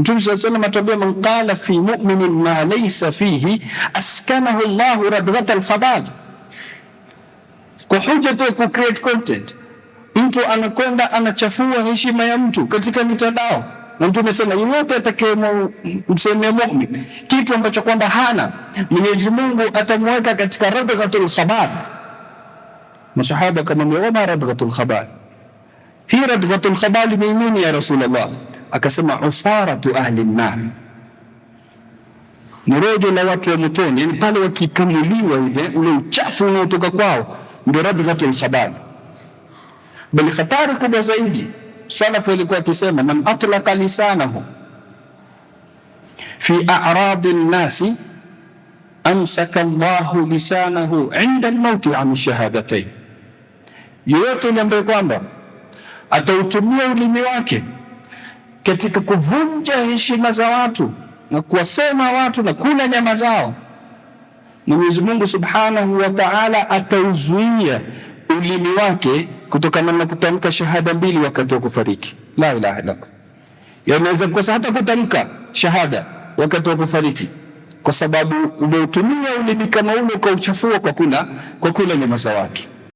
Mtume sallallahu alayhi wasallam atuambia, man qala fi mu'minin ma laysa fihi askanahu Allahu radghata al-khabal, kwa hoja tu ku create content. Mtu anakwenda anachafua heshima ya mtu katika mitandao, na Mtume amesema yeyote mseme mu'min kitu ambacho kwamba hana, Mwenyezi Mungu atamweka katika radghatul khabal. Masahaba kama Umar, radghatul khabal, hii radghatul khabal ni nini ya Rasulullah? akasema usaratu ahli nar, ni rojo la watu wa motoni. Yani pale wakikamuliwa hivi, ule uchafu unaotoka kwao ndio rabdhatu lkhabal. Bali khatari kubwa zaidi, salafu walikuwa akisema man atlaka lisanahu fi a'radi nnasi amsaka llahu lisanahu inda lmauti an shahadatain, yoyote ile ambaye kwamba atautumia ulimi wake katika kuvunja heshima za watu na kuwasema watu na kula nyama zao, Mwenyezi Mungu Subhanahu wa Ta'ala atauzuia ulimi wake kutokana na kutamka shahada mbili wakati wa kufariki, la ilaha Allah. Yanaweza kukosa hata kutamka shahada wakati wa kufariki, kwa sababu umeutumia ulimi kama ule ukauchafua kwa kula kwa kula nyama za watu.